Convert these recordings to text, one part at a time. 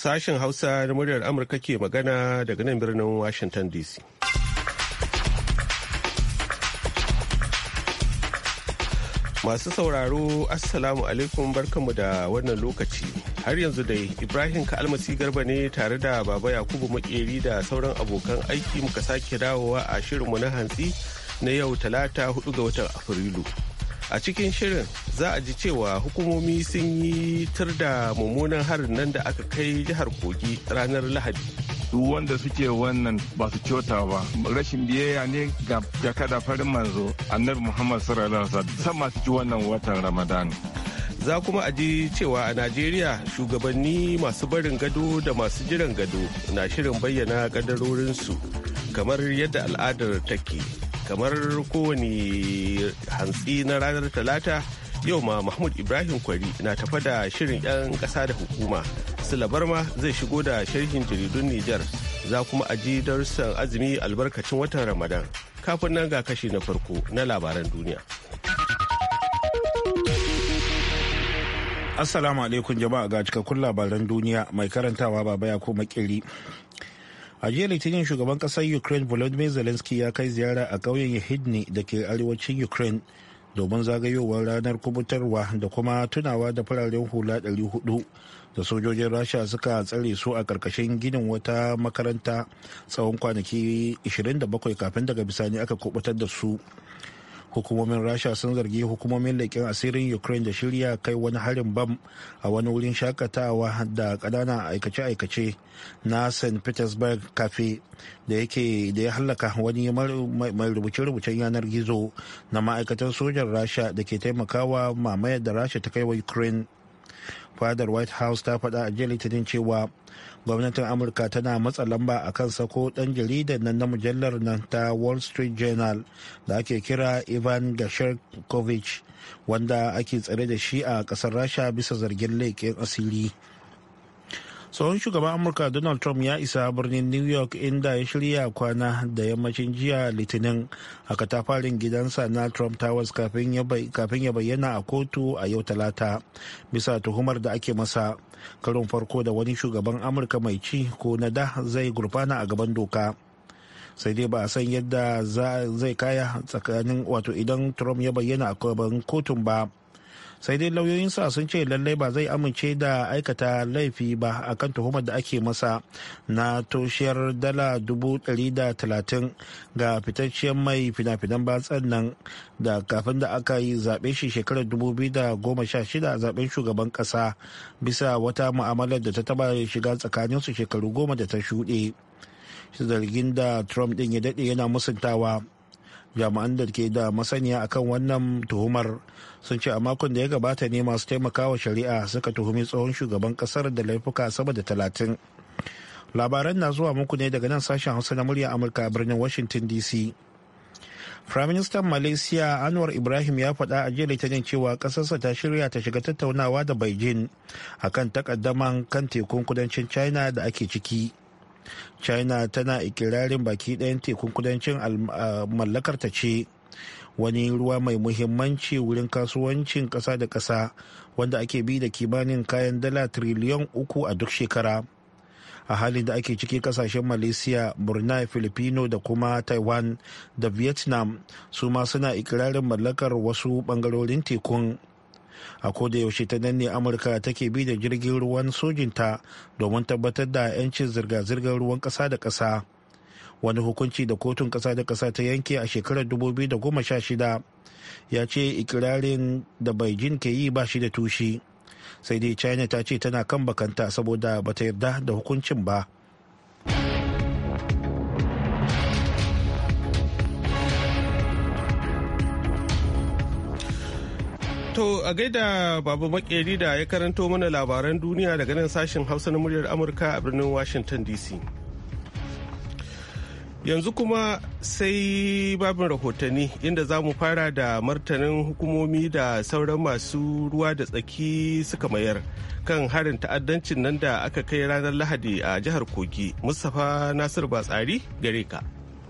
Sashen Hausa na muryar Amurka ke magana daga nan birnin Washington DC. Masu sauraro, Assalamu alaikum barkanmu da wannan lokaci. Har yanzu dai Ibrahim Kalmasi Garba ne tare da Baba Yakubu Makeri da sauran abokan aiki muka sake dawowa a shirinmu na hantsi na yau talata 4 ga watan Afrilu. a cikin shirin za a ji cewa hukumomi sun yi tar da mummunan harin nan da aka kai jihar kogi ranar lahadi duk wanda suke wannan ba su kyauta ba rashin biyayya ne ga jakada farin manzo annabi muhammad sallallahu alaihi sama su ci wannan watan ramadan za kuma a ji cewa a najeriya shugabanni masu barin gado da masu jiran gado na shirin bayyana kadarorinsu kamar yadda al'adar take kamar kowane hantsi na ranar talata yau ma mahmud ibrahim kwari na tafa da shirin 'yan ƙasa da hukuma silabar ma zai shigo da sharhin jaridun nijar za kuma a darussan azumi albarkacin watan ramadan kafin nan ga kashi na farko na labaran duniya assalamu alaikum jama'a ga cikakkun labaran duniya mai karantawa baba ya ko makiri a jiya litinin shugaban kasar ukraine volodymyr zelensky ya kai ziyara a ƙauyen yahidni da ke arewacin ukraine domin zagayowar ranar kubutarwa da kuma tunawa da fararen hula 400 da sojojin rasha suka tsare su a ƙarƙashin ginin wata makaranta tsawon kwanaki 27 kafin daga bisani aka kubutar da su hukumomin rasha sun zargi hukumomin leƙen asirin ukraine da shirya kai wani harin bam a wani wurin shakatawa da ƙananan aikace-aikace na st petersburg cafe da ya hallaka wani mai rubuce-rubucen yanar gizo na ma'aikatan sojan rasha da ke taimakawa mamayar da rasha ta kai wa ukraine fadar white house ta faɗa a jiya litinin cewa gwamnatin amurka tana matsa lamba a kan sako ɗan jaridar nan na mujallar nan ta wall street journal da ake kira ivan gasherkovich wanda ake tsare da shi a ƙasar rasha bisa zargin laifin asiri tsohon shugaban amurka donald trump ya isa birnin new york inda ya shirya kwana da yammacin jiya litinin a katafarin gidansa na trump towers kafin ya bayyana a kotu a yau talata bisa tuhumar da ake masa karin farko da wani shugaban amurka mai ci ko na da zai gurfana a gaban doka sai dai ba a san yadda zai kaya tsakanin wato idan trump ya bayyana a kotun ba sai dai lauyoyinsa sun ce lallai ba zai amince da aikata laifi ba a kan tuhumar da ake masa na toshiyar dala dubu da talatin ga fitacciyar mai fina-finan batsan nan da kafin da aka yi zaɓe shi shekarar 2016 a zaɓen shugaban ƙasa bisa wata ma'amalar da ta taba shiga tsakanin su shekaru goma da ta shuɗe zargin da trump ɗin ya daɗe yana musuntawa jami'an da ke da masaniya akan wannan tuhumar sun ce a makon da ya gabata ne masu taimakawa shari'a suka tuhumi tsohon shugaban kasar da laifuka sama da talatin labaran na zuwa muku ne daga nan sashen hausa na murya amurka birnin washington dc Firaministan Malaysia Anwar Ibrahim ya faɗa a jiya Litinin cewa ƙasarsa ta shirya ta shiga tattaunawa da Beijing akan takaddaman kan tekun kudancin China da ake ciki. china tana ikirarin baki ɗayan tekun kudancin mallakarta ce wani ruwa mai muhimmanci wurin kasuwancin ƙasa da ƙasa wanda ake bi da kimanin kayan dala triliyan uku a duk shekara a halin da ake ciki kasashen malaysia brunei filipino da kuma taiwan da vietnam su ma suna ikirarin mallakar wasu bangarorin tekun a koda yaushe ta nan amurka take bi da jirgin ruwan sojinta domin tabbatar da 'yancin zirga-zirgar ruwan kasa da kasa wani hukunci da kotun kasa da kasa ta yanke a shekarar 2016 ya ce ikirarin da beijing ke yi ba shi da tushe sai dai china ta ce tana kan bakanta saboda bata yarda da hukuncin ba. To a gaida babu makeri da ya karanto mana labaran duniya daga nan sashen hausa na muryar Amurka a birnin Washington DC. Yanzu kuma sai babin rahotanni inda za mu fara da martanin hukumomi da sauran masu ruwa da tsaki suka mayar kan harin ta'addancin nan da aka kai ranar Lahadi a jihar Kogi. Mustapha Nasir Batsari gare ka.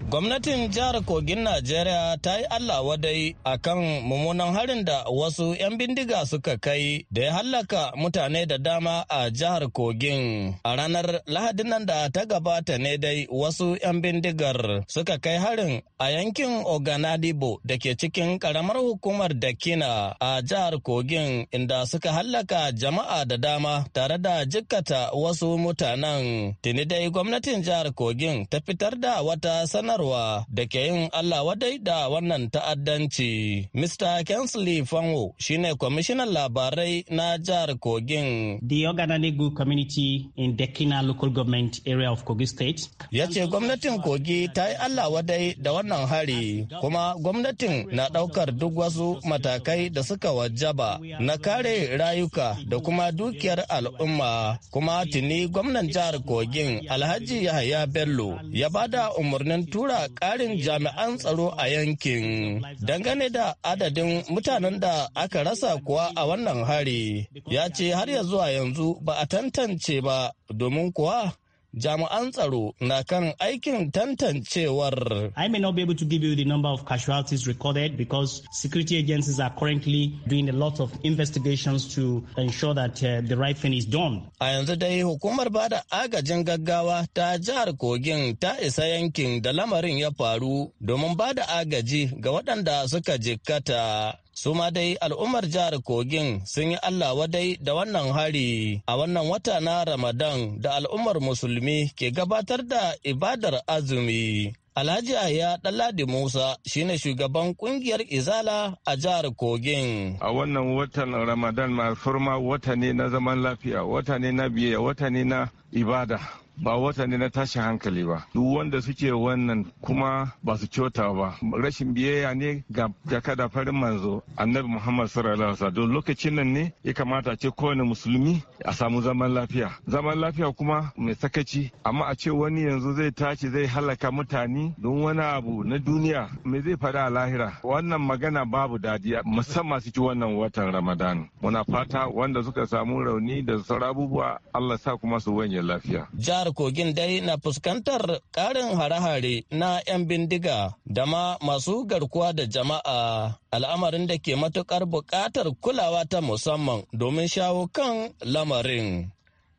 Gwamnatin jihar Kogin Najeriya ta yi Allah wadai a kan mummunan harin da wasu 'yan bindiga suka kai da ya hallaka mutane da dama a jihar Kogin. A ranar Lahadin nan da ta gabata ne dai wasu 'yan bindigar suka kai harin a yankin Oganadibo da ke cikin karamar hukumar Dakina a jihar Kogin inda suka hallaka jama'a da dama tare da jikkata wasu mutanen. Tini dai gwamnatin jihar Kogin ta fitar da wata sana sanarwa da ke yin Allah wadai da wannan ta'addanci. Mr. Kensley Fanwo shine kwamishinan labarai na jihar Kogin. The Ogananegu community in Dekina local government area of Kogi state. Ya ce gwamnatin Kogi ta yi Allah wadai da wannan hari kuma gwamnatin na ɗaukar duk wasu matakai da suka wajaba na kare rayuka da kuma dukiyar al'umma kuma tuni gwamnan jihar Kogin Alhaji Yahaya Bello ya bada umarnin tura ƙarin jami'an tsaro a yankin. Dangane da adadin mutanen da aka rasa kuwa a wannan hari, ya ce har ya zuwa yanzu ba a tantance ba domin kuwa jami'an tsaro na kan aikin tantancewar. I may not be able to give you the number of casualties recorded because security agencies are currently doing a lot of investigations to ensure that uh, the right thing is done. A yanzu dai hukumar ba da agajin gaggawa ta jihar Kogin ta isa yankin da lamarin ya faru domin ba da agaji ga waɗanda suka jikkata. su ma dai al'ummar jihar kogin sun yi allah wadai da wannan hari a wannan wata na ramadan da al'ummar musulmi ke gabatar da ibadar azumi Alhaji Aya Ɗanladi Musa shine shugaban ƙungiyar Izala a jihar Kogin. A wannan watan Ramadan ma furma wata ne na zaman lafiya, wata ne na biyayya, wata ne na ibada. ba wata ne na tashin hankali ba duk wanda suke wannan kuma ba su kyauta ba rashin biyayya ne ga jakada farin manzo annabi muhammad sallallahu alaihi wasallam lokacin nan ne ya kamata ce kowane musulmi a samu zaman lafiya zaman lafiya kuma mai sakaci amma a ce wani yanzu zai tashi zai halaka mutane don wani abu na duniya me zai faɗa a lahira wannan magana babu dadi musamman su ci wannan watan ramadan muna fata wanda suka samu rauni da sauran abubuwa allah sa kuma su wanye lafiya jihar kogin dai na fuskantar karin hare-hare na 'yan bindiga da ma masu garkuwa da jama'a al'amarin da ke matukar buƙatar kulawa ta musamman domin shawo kan lamarin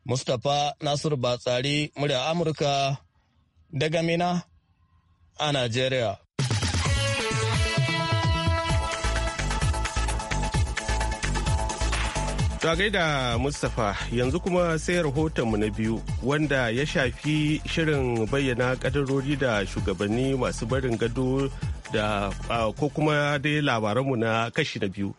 mustapha nasiru batsari murya amurka daga mina a najeriya To gaida Mustapha yanzu kuma sai rahotonmu na biyu wanda ya shafi shirin bayyana kadarori da shugabanni masu barin gado da ko kuma dai labaranmu na kashi na biyu.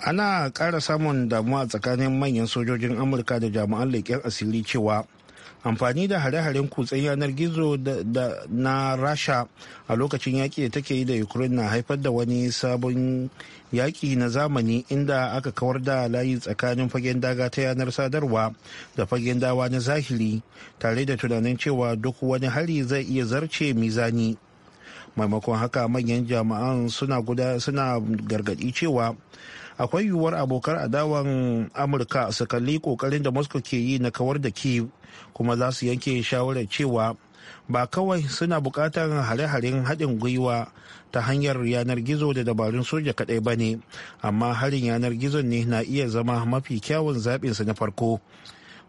Ana ƙara samun damuwa tsakanin manyan sojojin Amurka da jami'an leƙen asiri cewa amfani da hare-haren kutsen yanar gizo na rasha a lokacin yaƙi da take yi da ukraine na haifar da wani sabon yaƙi na zamani inda aka kawar da layi tsakanin fagen daga ta yanar sadarwa da fagen dawa na zahiri tare da tunanin cewa duk wani hari zai iya zarce mizani maimakon haka manyan jama'an suna gargaɗi cewa akwai yiwuwar abokan adawan amurka su kalli kokarin da moscow ke yi na kawar da kiev kuma za su yanke shawarar cewa ba kawai suna bukatar hare-haren haɗin gwiwa ta hanyar yanar gizo da dabarun soja kaɗai ba ne amma harin yanar gizon ne na iya zama mafi kyawun zaɓinsa na farko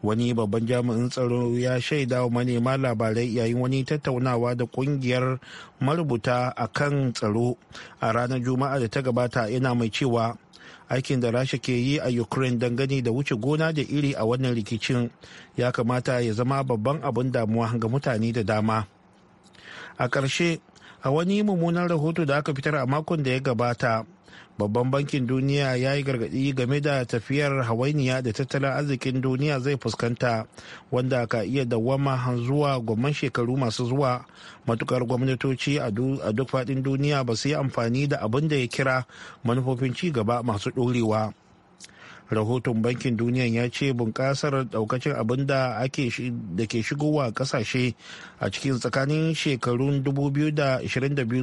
wani babban jami'in tsaro ya shaida wa manema labarai yayin wani tattaunawa da kungiyar marubuta a kan tsaro a ranar juma'a da ta gabata yana mai cewa aikin da rasha ke yi a ukraine dangane da wuce gona da iri a wannan rikicin ya kamata ya zama babban abin damuwa ga mutane da dama a ƙarshe a wani mummunan rahoto da aka fitar a makon da ya gabata babban bankin duniya ya yi gargaɗi game da tafiyar hawainiya da tattalin arzikin duniya zai fuskanta wanda ka iya dawwama zuwa gwamman shekaru masu zuwa matukar gwamnatoci a duk faɗin duniya ba su yi amfani da abin da ya kira manufofin ci gaba masu ɗorewa. rahoton bankin duniya ya ce bunƙasar daukacin abin da ke shigowa kasashe a cikin tsakanin shekarun 2022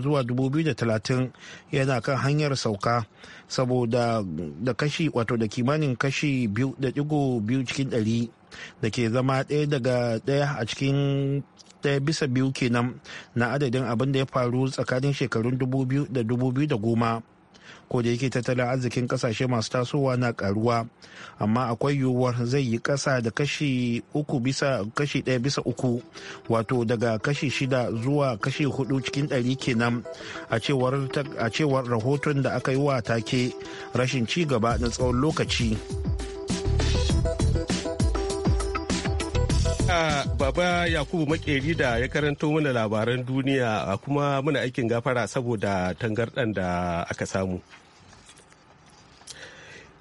zuwa 2030 yana kan hanyar sauka saboda da kashi wato da kimanin kashi 2.2 cikin 100 da ke zama ɗaya daga ɗaya a cikin ɗaya bisa biyu kenan na adadin abin da ya faru tsakanin shekarun 2000 da 2010 ko da yake tattalin arzikin kasashe masu tasowa na karuwa amma akwai yiwuwar zai yi kasa da kashi uku bisa kashi ɗaya bisa uku wato daga kashi shida zuwa kashi hudu cikin ɗari kenan a cewar rahoton da aka yi wa take rashin ci gaba na tsawon lokaci baba yakubu makeri da ya karanto mana labaran duniya kuma muna aikin gafara saboda tangardan da aka samu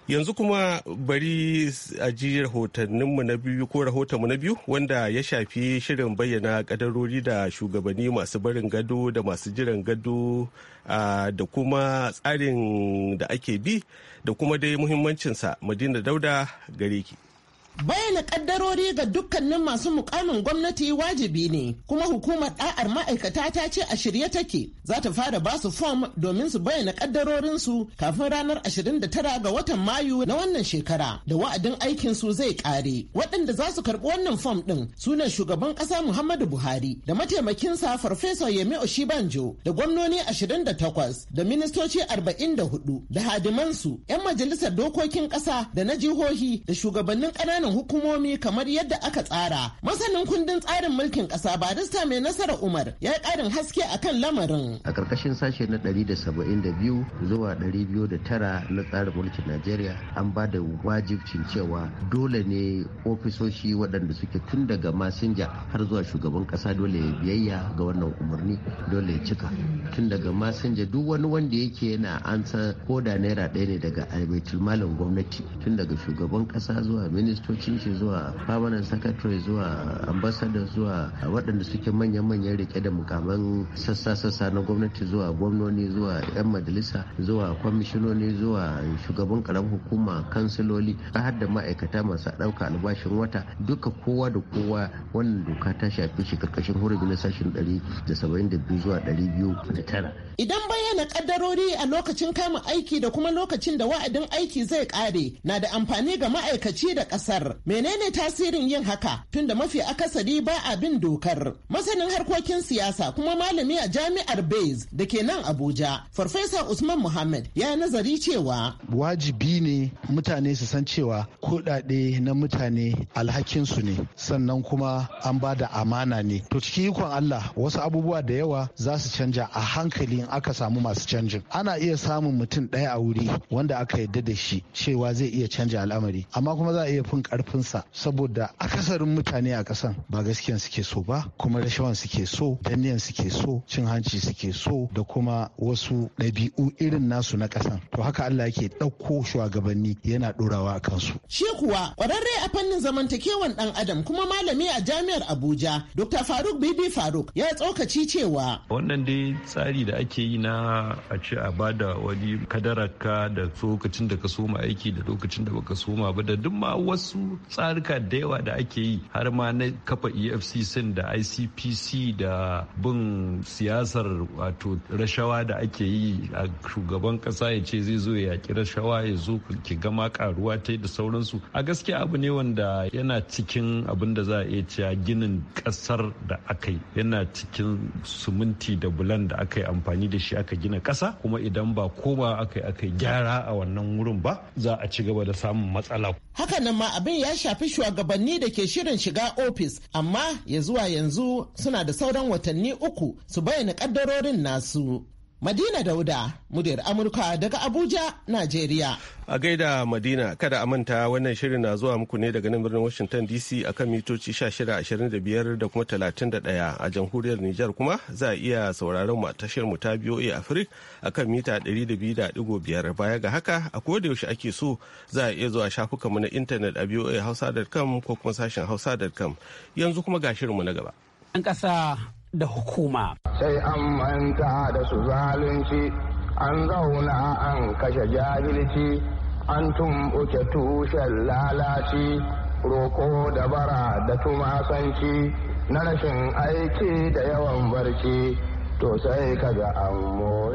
yanzu kuma bari a ji rahotanninmu na biyu ko rahotonmu na biyu wanda ya shafi shirin bayyana kadarori da shugabanni masu barin gado da masu jiran gado da kuma tsarin da ake bi da kuma dai muhimmancinsa madina dauda gare ki bayyana kaddarori ga dukkanin masu mukamin gwamnati wajibi ne kuma hukumar da'ar ma'aikata ta ce a shirye take za ta fara ba su fom domin su bayyana kaddarorinsu kafin ranar 29 ga watan mayu na wannan shekara da wa'adin aikin su zai kare waɗanda za su karɓi wannan fom ɗin sunan shugaban ƙasa muhammadu buhari da mataimakinsa farfesa yemi oshibanjo da gwamnoni 28 da ministoci 44 da hadimansu 'yan majalisar dokokin ƙasa da na jihohi da shugabannin ƙananan irin hukumomi kamar yadda aka tsara. Masanin kundin tsarin mulkin kasa barista mai nasara Umar ya yi ƙarin haske akan lamarin. A karkashin sashe na da 172 zuwa tara na tsarin mulkin Najeriya an ba da wajibcin cewa dole ne ofisoshi waɗanda suke tun daga masinja har zuwa shugaban kasa dole ya biyayya ga wannan umarni dole ya cika tun daga masinja duk wani wanda yake yana ansa da naira ɗaya ne daga albaitul malam gwamnati tun daga shugaban ƙasa zuwa ministo ministocin shi zuwa permanent secretary zuwa ambassador zuwa waɗanda suke manyan-manyan rike da mukaman sassa-sassa na gwamnati zuwa gwamnoni zuwa 'yan majalisa zuwa kwamishinoni zuwa shugaban karamin hukuma kansiloli har da ma'aikata masu ɗauka albashin wata duka kowa da kowa wannan doka ta shafi shi karkashin hurumin na sashen 172 zuwa 209 idan bayyana kaddarori a lokacin kama aiki da kuma lokacin da wa'adin aiki zai kare na da amfani ga ma'aikaci da kasar dokar menene tasirin yin haka tunda mafi akasari ba a bin dokar masanin harkokin siyasa kuma malami a jami'ar Bez da ke nan Abuja farfesa Usman Muhammad ya nazari cewa wajibi ne mutane su san cewa kuɗaɗe na mutane alhakinsu ne sannan kuma an ba da amana ne to cikin ikon Allah wasu abubuwa da yawa za su canja a hankali in aka samu masu canjin ana iya samun mutum ɗaya a wuri wanda aka yarda da shi cewa zai iya canja al'amari amma kuma za a iya fin karfinsa saboda akasarin mutane a kasan ba gaskiyan suke so ba kuma rashawan suke so danniyan suke so cin hanci suke so da kuma wasu ɗabi'u irin nasu na kasan to haka Allah yake ɗauko shugabanni yana ɗorawa a kansu. Shi kuwa ƙwararre a fannin zamantakewan ɗan adam kuma malami a jami'ar Abuja Dr. Faruk Bibi Faruk ya tsokaci cewa. Wannan dai tsari da ake yi na a ce a bada wani kadararka da lokacin da ka soma aiki da lokacin da baka soma ba da duk ma wasu tsarika da yawa da ake yi har ma na kafa efcc da icpc da bin siyasar wato rashawa da ake yi a shugaban kasa ya ce zai zo ya yaki rashawa ya zo ki gama karuwa ta da sauransu a gaskiya abu ne wanda yana cikin abin da za a iya cewa ginin kasar da aka yi yana cikin suminti da bulan da aka yi amfani da shi aka gina kasa kuma idan ba koma aka yi gyara a wannan wurin ba za a ci gaba da samun matsala abin ya shafi shugabanni da ke shirin shiga ofis amma ya zuwa yanzu suna da sauran watanni uku su bayyana kaddarorin nasu Madina Dauda, muryar Amurka daga Abuja, Najeriya. A gaida Madina, kada a manta wannan shirin na zuwa muku ne daga nan birnin Washington DC akan mitoci 1625 da kuma 31 a jamhuriyar Nijar kuma za a iya sauraron mu a tashar mu ta BOA Africa akan mita 200.5 baya ga haka a koda yaushe ake so za a iya zuwa shafukan mu na intanet a Hausa.com ko kuma sashen hausa.com yanzu kuma ga shirin mu na gaba. An ƙasa da hukuma. Sai an manta da su zalunci, an zauna an kashe jahilci, an tumɓuke tushen lalaci, roko da bara da tumasanci, na rashin aiki da yawan barci. to sai ka ga an more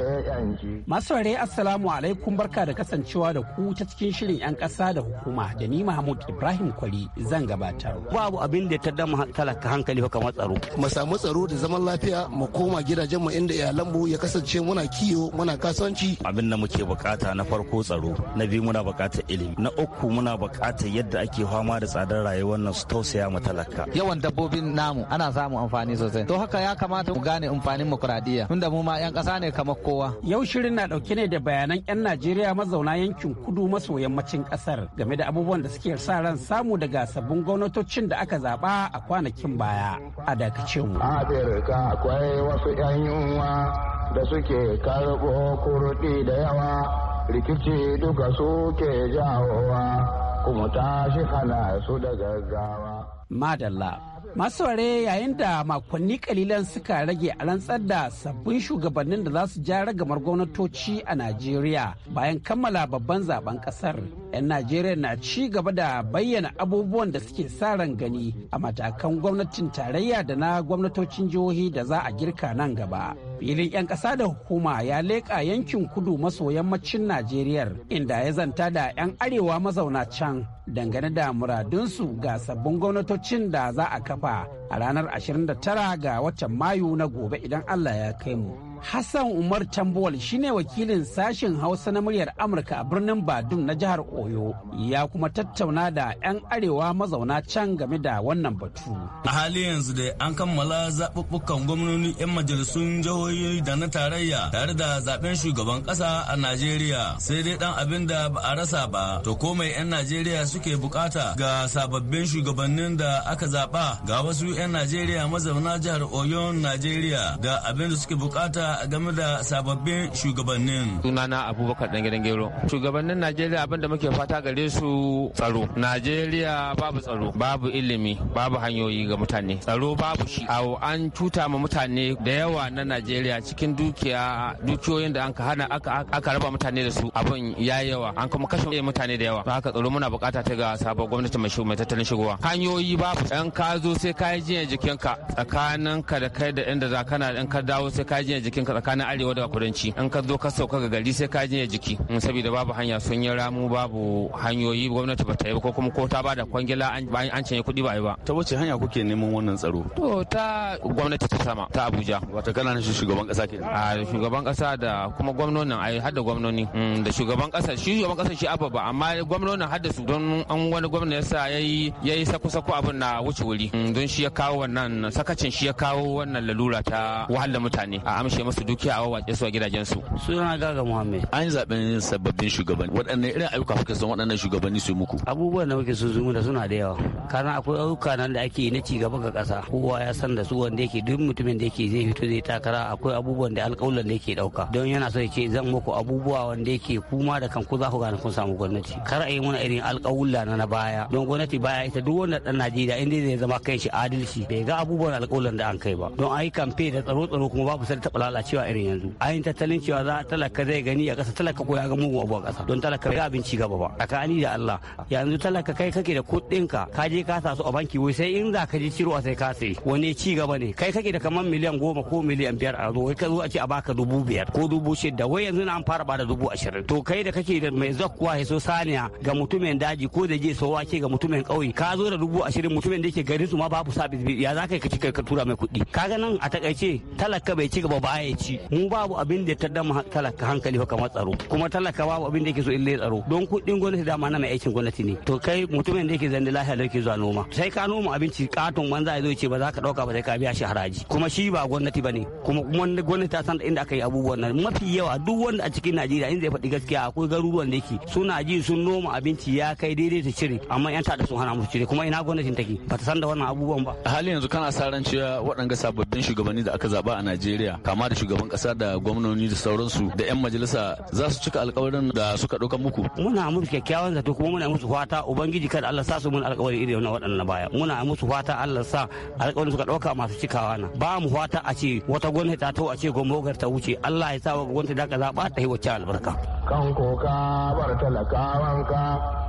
Masu Assalamu alaikum barka da kasancewa da ku ta cikin shirin 'yan kasa da hukuma da ni Mahmud Ibrahim Kwari zan gabatar. Babu abin da ta dama talaka hankali kamar tsaro. Mu samu tsaro da zaman lafiya mu koma gidajen mu inda iyalanmu ya kasance muna kiyo muna kasuwanci. Abin da muke bukata na farko tsaro, na biyu muna bukatar ilimi, na uku muna bukatar yadda ake fama da tsadar rayuwar nan su tausaya mu talaka. Yawan dabbobin namu ana samun amfani sosai. To haka ya kamata mu gane amfanin mu demokuraɗiyya tunda mu ma 'yan ƙasa ne kamar kowa. Yau shirin na ɗauke ne da bayanan 'yan Najeriya mazauna yankin kudu maso yammacin ƙasar game da abubuwan da suke sa ran samu daga sabbin gwamnatocin da aka zaɓa a kwanakin baya a dakace mu. akwai wasu 'yan yunwa da suke karɓo kurɗi da yawa rikici duka suke jawowa kuma tashi hana su da gaggawa. Madalla. Masu ware yayin da makonni kalilan suka rage a rantsar da sabbin shugabannin da za su ja ragamar gwamnatoci a Najeriya bayan kammala babban zaben kasar. 'Yan Najeriya na ci gaba da bayyana abubuwan da suke sa ran gani a matakan gwamnatin tarayya da na gwamnatocin jihohi da za a girka nan gaba. filin 'yan ƙasa da hukuma ya leƙa yankin kudu maso yammacin najeriya inda ya zanta da 'yan arewa mazauna can dangane da muradunsu ga sabbin gwamnatocin da za a kafa a ranar 29 ga watan mayu na gobe idan Allah ya kai mu. Hassan Umar Tambol shine wakilin sashen Hausa na muryar Amurka a birnin Badun na jihar Oyo ya kuma tattauna da 'yan arewa mazauna can game da wannan batu. A hali yanzu dai an kammala zaɓuɓɓukan gwamnoni 'yan majalisun jihohi da na tarayya tare da zaɓen shugaban ƙasa a Najeriya sai dai ɗan abin da ba a rasa ba to ko mai 'yan Najeriya suke bukata ga sababbin shugabannin da aka zaɓa ga wasu 'yan Najeriya mazauna jihar Oyo Najeriya da abin da suke bukata game da sababbin shugabannin. Sunana Abubakar Dangidan Gero. Shugabannin Najeriya abinda muke fata gare su tsaro. Najeriya babu tsaro, babu ilimi, babu hanyoyi ga mutane. Tsaro babu shi. Awo an cuta ma mutane da yawa na Najeriya cikin dukiya dukiyoyin da aka hana aka raba mutane da su abin ya yawa an kuma kashe mutane da yawa. haka tsaro muna bukata ta ga sabon gwamnati mai tattalin shigowa. Hanyoyi babu. Yan ka zo sai ka yi ka jikinka tsakaninka da kai da inda za kana in ka dawo sai ka yi jinya jikinka bakin ka tsakanin arewa da kudanci An ka zo ka sauka ga gari sai ka jinya jiki mm, saboda babu hanya sun yi ramu babu hanyoyi gwamnati ba ta yi ko kuma ko ta ba da kwangila an canye kuɗi ba yi ba ta wace hanya kuke neman wannan tsaro to ta gwamnati ta sama ta abuja Wata kana na shugaban kasa ke a shugaban kasa da kuma gwamnonin ai har da gwamnoni mm, da shugaban kasa shi shugaban kasa shi ababa amma gwamnonin har da su don an wani ya sa yayi yayi sako sako abin na wuce wuri mm, don shi ya kawo wannan sakacin shi ya kawo wannan lalura ta wahalar mutane a amshe musu dukiya a wawace su a gidajensu. Suna Gaga muhammed. An yi zaɓen sababbin shugabanni. Waɗanne irin ayyuka kuka san waɗannan shugabanni su muku? Abubuwan da muke sun su da suna da yawa. Kana akwai ayyuka nan da ake na cigaba ga ƙasa. Kowa ya san da su wanda yake duk mutumin da yake zai fito zai takara akwai abubuwan da alƙawuran da yake ɗauka. Don yana so ya ce zan muku abubuwa wanda yake kuma da kanku za ku gane kun samu gwamnati. Kar a yi mana irin alƙawulla na baya. Don gwamnati baya ita duk wanda ɗan Najeriya inda zai zama kanshi adalci bai ga abubuwan alƙawuran da an kai ba. Don ayi kamfe da tsaro-tsaro kuma babu sai taɓa cewa irin yanzu ayin tattalin cewa za talaka zai gani a ƙasa talaka ko ya ga mugun abu a kasa. don talaka ga abinci gaba ba a kani da Allah yanzu talaka kai kake da kuɗinka ka je ka sa su a banki wai sai in za ka je ciro sai ka sai wani ci gaba ne kai kake da kamar miliyan goma ko miliyan biyar a zo wai ka zo a ce a baka dubu biyar ko dubu shida wai yanzu na an fara bada dubu ashirin to kai da kake da mai zakkuwa ya so saniya ga mutumin daji ko da je so wake ga mutumin ƙauye ka zo da dubu ashirin mutumin da yake garin su ma babu sabis ya za ka yi ka ka tura mai kuɗi kaga nan a takaice talaka bai ci gaba ba ya ci mu babu abin da ta dama talaka hankali ko kamar tsaro kuma talaka babu abin da yake so illa tsaro don kuɗin gwamnati dama na mai aikin gwamnati ne to kai mutumin da yake zanne lafiya da yake zuwa noma sai ka noma abinci katon banza ya zo ce ba za ka ɗauka ba sai ka biya shi haraji kuma shi ba gwamnati ba ne kuma gwamnati ta san inda aka yi abubuwan nan mafi yawa duk wanda a cikin najeriya in zai faɗi gaskiya akwai garuruwan da yake suna ji sun noma abinci ya kai daidai ta cire amma yan da sun hana musu cire kuma ina gwamnatin take ba ta san da wannan abubuwan ba halin yanzu kana sa ran cewa waɗanga sababbin shugabanni da aka zaba a najeriya kama da shugaban kasa da gwamnoni da sauransu da 'yan majalisa za su cika alkawarin da suka ɗauka muku. Muna musu kyakkyawan zato kuma muna musu fata Ubangiji kada Allah sa su mun alkawari irin na waɗannan baya. Muna musu fata Allah sa alkawarin suka ɗauka masu cikawa na. Ba mu fata a ce wata gwamnati ta ta'u a ce gwamnogar ta wuce Allah ya sa wa gwamnati da ka zaɓa ta yi wacce albarka. Kan koka bar talakawanka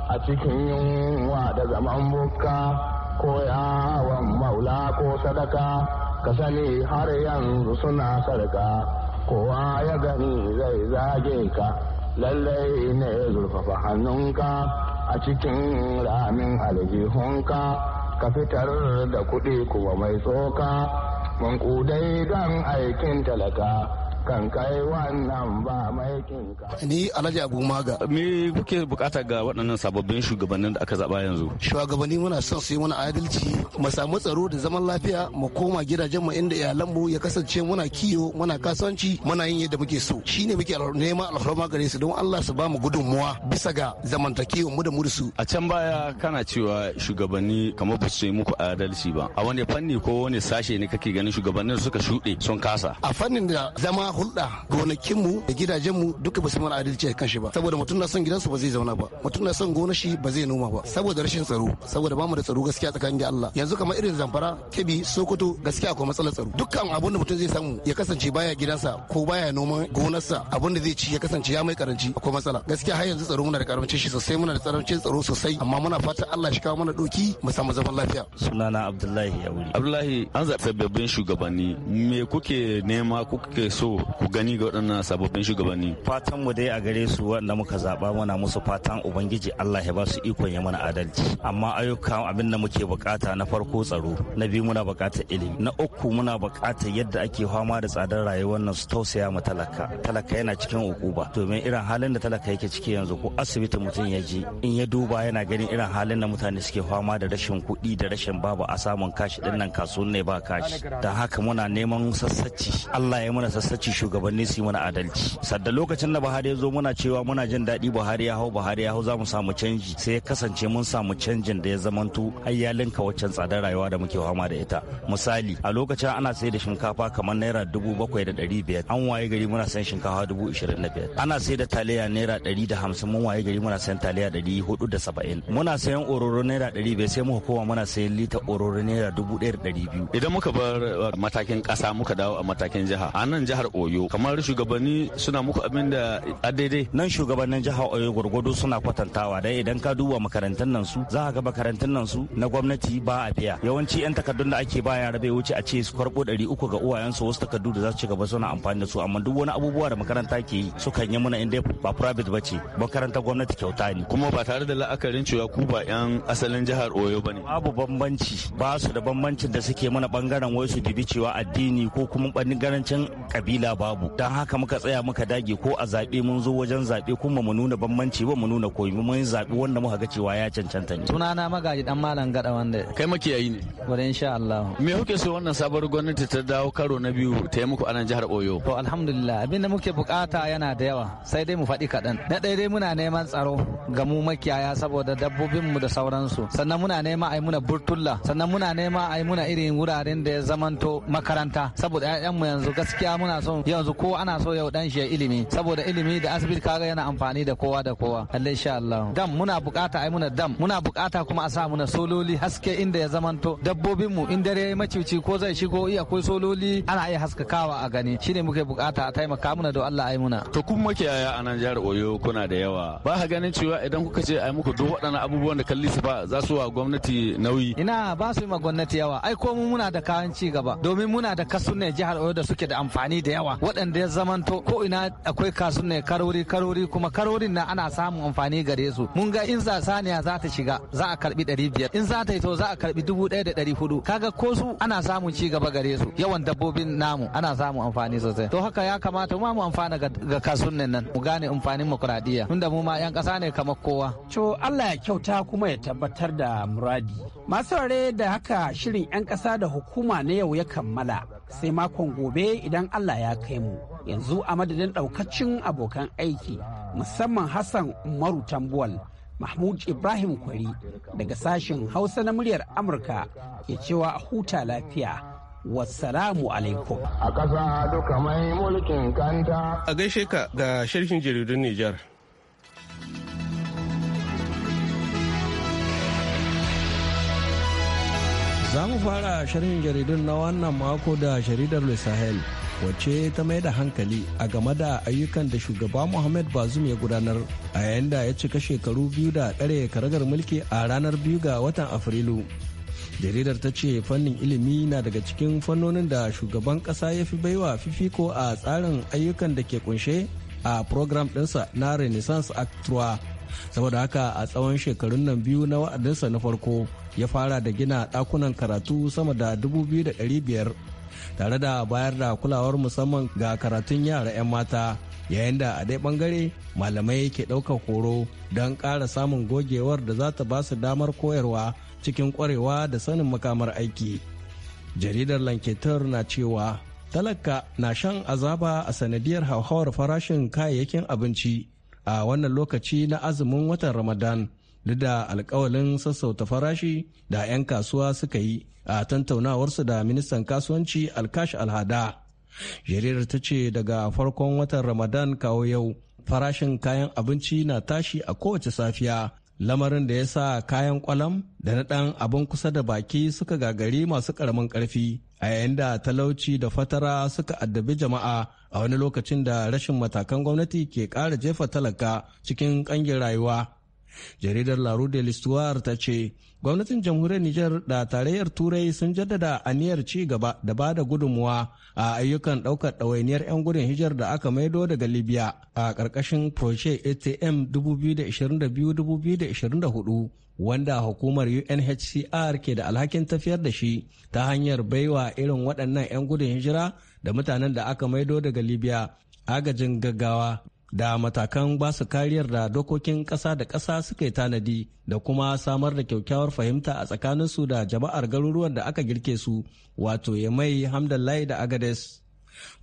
a cikin yunwa da zaman bukka ko yawon maula ko sadaka ka sani har yanzu suna sarka kowa ya gani zai zage ka lallai ne zurfafa hannunka a cikin ramin aljihunka ka fitar da kuɗi kuma mai tsoka mankudai don aikin talaka kan kai wannan ba mai kinka. Ni Alhaji Abu Maga. Me kuke bukata ga waɗannan sababbin shugabannin da aka zaba yanzu? Shugabanni muna son su yi mana adalci, mu samu tsaro da zaman lafiya, mu koma gidajen mu inda iyalanmu ya kasance muna kiyo, muna kasuwanci, muna yin yadda muke so. Shi ne muke neman alhurma gare su don Allah su ba mu gudunmuwa bisa ga zamantakewar mu da mu A can baya kana cewa shugabanni kamar ba su yi muku adalci ba. A wani fanni ko wani sashe ne kake ganin shugabannin suka shuɗe sun kasa? A fannin da zama na hulɗa gonakinmu da gidajenmu duka ba su mana adalci a kan shi ba saboda mutum na son gidansu ba zai zauna ba mutum na son gona shi ba zai noma ba saboda rashin tsaro saboda bamu da tsaro gaskiya tsakanin da Allah yanzu kamar irin zamfara kebi sokoto gaskiya akwai matsalar tsaro dukkan abun da mutum zai samu ya kasance baya gidansa ko baya noman gonarsa abun da zai ci ya kasance ya mai karanci akwai matsala gaskiya har yanzu tsaro muna da karamcin shi sosai muna da karancin tsaro sosai amma muna fatan Allah shi kawo mana doki mu samu zaman lafiya sunana Abdullahi Yauri Abdullahi an zaɓi sababbin shugabanni me kuke nema kuke so ku gani ga waɗannan sababbin shugabanni fatan mu dai a gare su wanda muka zaba muna musu fatan ubangiji Allah ya ba su ikon ya mana adalci amma ayyukan abin da muke bukata na farko tsaro na biyu muna bukatar ilimi na uku muna bukatar yadda ake fama da tsadar rayuwar nan su tausaya ma talaka talaka yana cikin ba. domin irin halin da talaka yake ciki yanzu ko asibiti mutum ya je in ya duba yana ganin irin halin da mutane suke fama da rashin kuɗi da rashin babu a samun kashi dinnan kasuwan ne ba kashi don haka muna neman sassaci Allah ya mana sassaci shugabanni su yi mana adalci sadda lokacin da buhari ya zo muna cewa muna jin daɗi buhari ya hau buhari ya hau za mu samu canji sai ya kasance mun samu canjin da ya zamanto ayyalinka waccan tsadar rayuwa da muke fama da ita misali a lokacin ana sai da shinkafa kamar naira dubu bakwai da ɗari biyar an waye gari muna sayan shinkafa dubu ishirin da biyar ana sai da taliya naira ɗari da hamsin mun waye gari muna sayan taliya ɗari hudu da saba'in muna sayan ororo naira ɗari biyar sai muka koma muna sayan lita ororo naira dubu ɗaya da ɗari biyu. idan muka bar matakin ƙasa muka dawo a matakin jiha a nan jihar oyo kamar shugabanni suna muku abin da a daidai nan shugabannin jihar oyo gwargwado suna kwatantawa dai idan ka duba makarantun nan su za ga makarantun nan su na gwamnati ba a biya yawanci yan takardun da ake ba yara bai wuce a ce su karbo ɗari uku ga uwayensu wasu takardu da za su ci gaba suna amfani da su amma duk wani abubuwa da makaranta ke yi sukan yi muna inda ba private ba ce makarantar gwamnati kyauta ne kuma ba tare da la'akarin cewa ku ba yan asalin jihar oyo ba ne babu bambanci ba su da bambancin da suke mana bangaren wai su dibi cewa addini ko kuma bangarancin kabila da babu don haka muka tsaya muka dage ko a zaɓe mun zo wajen zaɓe kuma mu nuna bambanci ba mu nuna koyi mun zaɓi wanda muka ga cewa ya cancanta ne sunana magaji dan malam gada wanda kai makiyayi ne wanda insha Allah me kuke so wannan sabar gwamnati ta dawo karo na biyu ta yi muku anan jihar Oyo to alhamdulillah abinda muke bukata yana da yawa sai dai mu faɗi kaɗan na ɗaya dai muna neman tsaro ga mu makiyaya saboda dabbobinmu da sauransu sannan muna nema a yi muna burtulla sannan muna nema a yi muna irin wuraren da ya zamanto makaranta saboda 'ya'yanmu yanzu gaskiya muna son yanzu ko ana so yau dan shi ya ilimi saboda ilimi da asibiti kaga yana amfani da kowa da kowa Allah insha Allah dam muna bukata ai muna dam muna bukata kuma a sa muna sololi haske inda ya zamanto dabbobin mu in dare macici ko zai shigo iya akwai sololi ana iya haskakawa a gani shine muke bukata a taimaka muna da Allah ai muna to kun makiyaya a nan jihar Oyo kuna da yawa ba ka ganin cewa idan kuka ce ai muku duk waɗannan abubuwan da kalli su ba za su wa gwamnati nauyi ina ba su yi ma gwamnati yawa ai ko mu muna da kayan ci gaba domin muna da kasu ne jihar Oyo da suke da amfani da yawa yawa waɗanda ya zamanto ko ina akwai kasu ne karori karori kuma karorin na ana samun amfani gare su mun ga in za saniya za ta shiga za a karbi ɗari biyar in za ta yi to za a karbi dubu ɗaya da ɗari hudu kaga ko su ana samun ci gaba gare su yawan dabbobin namu ana samun amfani sosai to haka ya kamata mu mu amfana ga kasunnin nan mu gane amfanin mukuraɗiyya tunda mu ma 'yan kasa ne kamar kowa. to Allah ya kyauta kuma ya tabbatar da muradi masu da haka shirin 'yan kasa da hukuma na yau ya kammala sai makon gobe idan Allah ya kai mu. Yanzu a madadin ɗaukacin abokan aiki musamman Hassan Umaru Tambuwal. Mahmud Ibrahim Kwari daga sashen Hausa na muryar Amurka ke cewa a huta lafiya. Wassalamu alaikum. A ƙasa duka mai mulkin kanta. A gaishe ka ga shirkin jaridun Nijar. Za mu fara shirin jaridun na wannan mako da jaridar Le Sahel wacce ta mai da hankali a game da ayyukan da shugaba Muhammad Bazoum ya gudanar a yayin da ya cika shekaru biyu da tsare karagar mulki a ranar biyu ga watan Afrilu. Jaridar ta ce fannin ilimi na daga cikin fannonin da shugaban ƙasa ya fi baiwa fifiko a tsarin ayyukan da ke kunshe a program ɗinsa na Renaissance Act saboda haka a tsawon shekarun nan biyu na wa'adinsa na farko ya fara da gina dakunan karatu sama da 2,500 tare da bayar da kulawar musamman ga karatun yara 'yan mata yayin da a dai bangare malamai ke ɗaukar horo don ƙara samun gogewar da za ta ba su damar koyarwa cikin ƙwarewa da sanin makamar aiki jaridar lanketar na cewa talaka na shan azaba a sanadiyar hauhawar farashin kayayyakin abinci a wannan lokaci na azumin watan Ramadan duk da alkawalin sassauta farashi da 'yan kasuwa suka yi a tantaunawarsu da ministan kasuwanci Alkash Alhada. Jaridar ta ce daga farkon watan Ramadan kawo yau farashin kayan abinci na tashi a kowace safiya lamarin da ya sa kayan kwalam da na ɗan abin kusa da baki suka gagari masu ƙaramin ƙarfi a yayin da talauci da fatara suka addabi jama'a a wani lokacin da rashin matakan gwamnati ke ƙara jefa talaka cikin ƙangin rayuwa. Jaridar La Rue de ta ce, gwamnatin jamhuriyar Nijar da tarayyar Turai sun jaddada aniyar ci gaba da ba da gudunmuwa a ayyukan ɗaukar ɗawainiyar 'yan gudun hijar da aka maido daga Libya a ƙarƙashin Proje ATM 2022-2024 wanda hukumar UNHCR ke da alhakin tafiyar da shi ta hanyar baiwa irin waɗannan 'yan gudun hijira da mutanen da aka maido daga libya agajin gaggawa da matakan basu kariyar da dokokin ƙasa da ƙasa suka yi tanadi da kuma samar da kyakkyawar fahimta a tsakaninsu da jama'ar garuruwan da aka girke su wato ya mai hamdallahi da agades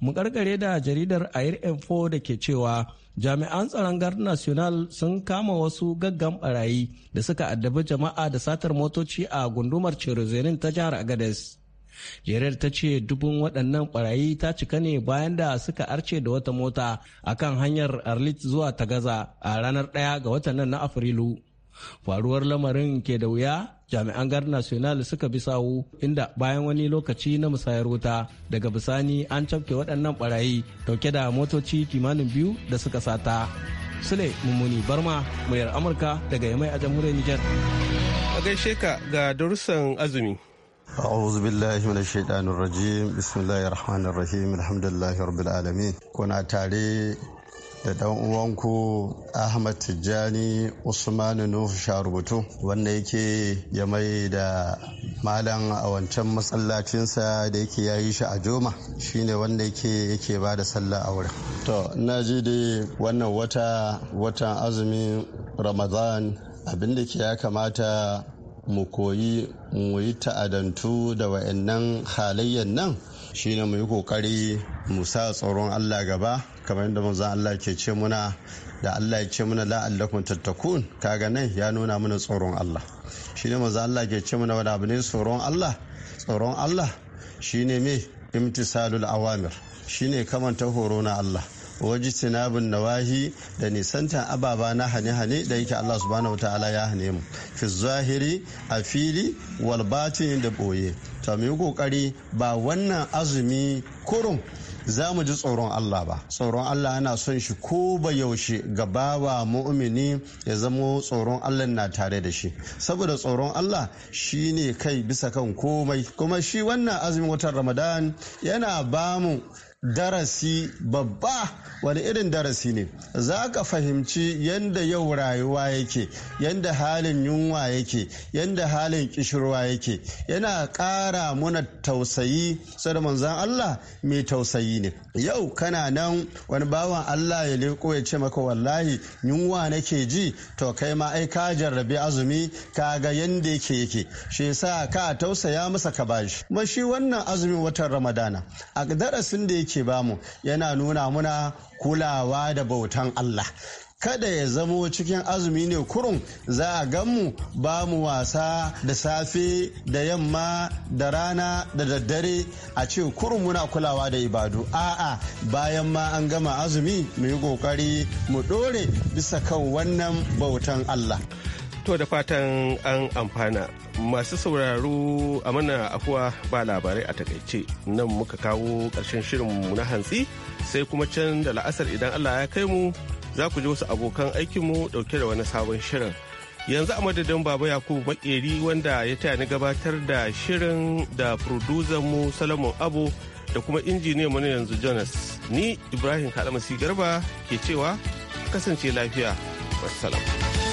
mu karkare da jaridar air info da ke cewa jami'an tsaron gar national sun kama wasu gaggan barayi da suka addabi jama'a da satar motoci a gundumar cirozenin ta jihar agades jerar ta ce dubun waɗannan barayi ta cika ne bayan da suka arce da wata mota akan hanyar arlit zuwa ta gaza a ranar ɗaya ga watan nan na afrilu faruwar lamarin ke da wuya jami'an gar national suka bi sawu inda bayan wani lokaci na musayar wuta daga bisani an cafke waɗannan barayi dauke da motoci kimanin biyu da suka sata sule mummuni barma muryar amurka daga yamai a jamhuriyar niger a gaishe ka ga darussan azumi أعوذ بالله من الشيطان الرجيم بسم الله الرحمن الرحيم الحمد لله رب العالمين كنا تاري da dan uwanku ahmad tijjani usmanu nuhu sharubutu wanda yake ya mai da malam a wancan masallacinsa da yake ya yi shi a joma shine wanda yake yake ba da sallah a wurin to na ji da wannan wata watan azumin ramadan abinda ke ya kamata mu koyi mu yi ta'adantu da wa'annan halayyan nan shi ne mu yi kokari mu sa tsoron Allah gaba kamar yadda manzon Allah ke ce muna da Allah ya ce muna la'allakun tattakun kaga nan ya nuna mana tsoron Allah Shi mu manzon Allah ke ce muna wani abu ne tsoron Allah tsoron Allah shi ne me imtisalul awamir shi shine kamanta horo na Allah waji sinabin nawahi da nisantan ababa na hane-hane da yake Allah subhanahu wa ta'ala ya hane mu fi zahiri a fili wal da boye Ta mu yi kokari ba wannan azumi kurum za mu ji tsoron Allah ba tsoron Allah yana son shi ko ba yaushe ga bawa mu'mini ya zamo tsoron Allah na tare da shi saboda tsoron Allah shi ne kai bisa kan komai kuma shi wannan azumin watan Ramadan yana ba mu darasi babba wani irin darasi ne za ka fahimci yadda yau rayuwa yake yadda halin yunwa yake yadda halin kishirwa yake yana ƙara muna tausayi sada manzan Allah mai tausayi ne yau kana nan wani bawan Allah ya leko ya ce maka wallahi yunwa nake ji to kai ma ai ka jarrabi azumi ka ga yadda yake yake shi yasa ka tausaya masa ka bashi shi wannan azumin watan ramadana a darasin da yake ce ba mu yana nuna muna kulawa da bautan Allah kada ya zamo cikin azumi ne kurun za a ganmu ba mu wasa da safe da yamma da rana da daddare a ce kurun muna kulawa da ibadu a'a bayan ma an gama azumi mu yi kokari mu dore bisa kan wannan bautan Allah To da fatan an amfana masu sauraro a mana afuwa ba labarai a takaice nan muka kawo ƙarshen shirinmu na hantsi sai kuma can da la'asar idan Allah ya kai mu za ku ji wasu abokan aikinmu ɗauke da wani sabon shirin. Yanzu a madadin Baba Yakubu Makeri wanda ya taya ni gabatar da shirin da mu Solomon abu da kuma injiniyan mu yanzu Jonas. Ni Ibrahim Kalamasi Garba ke cewa kasance lafiya. Wassalam.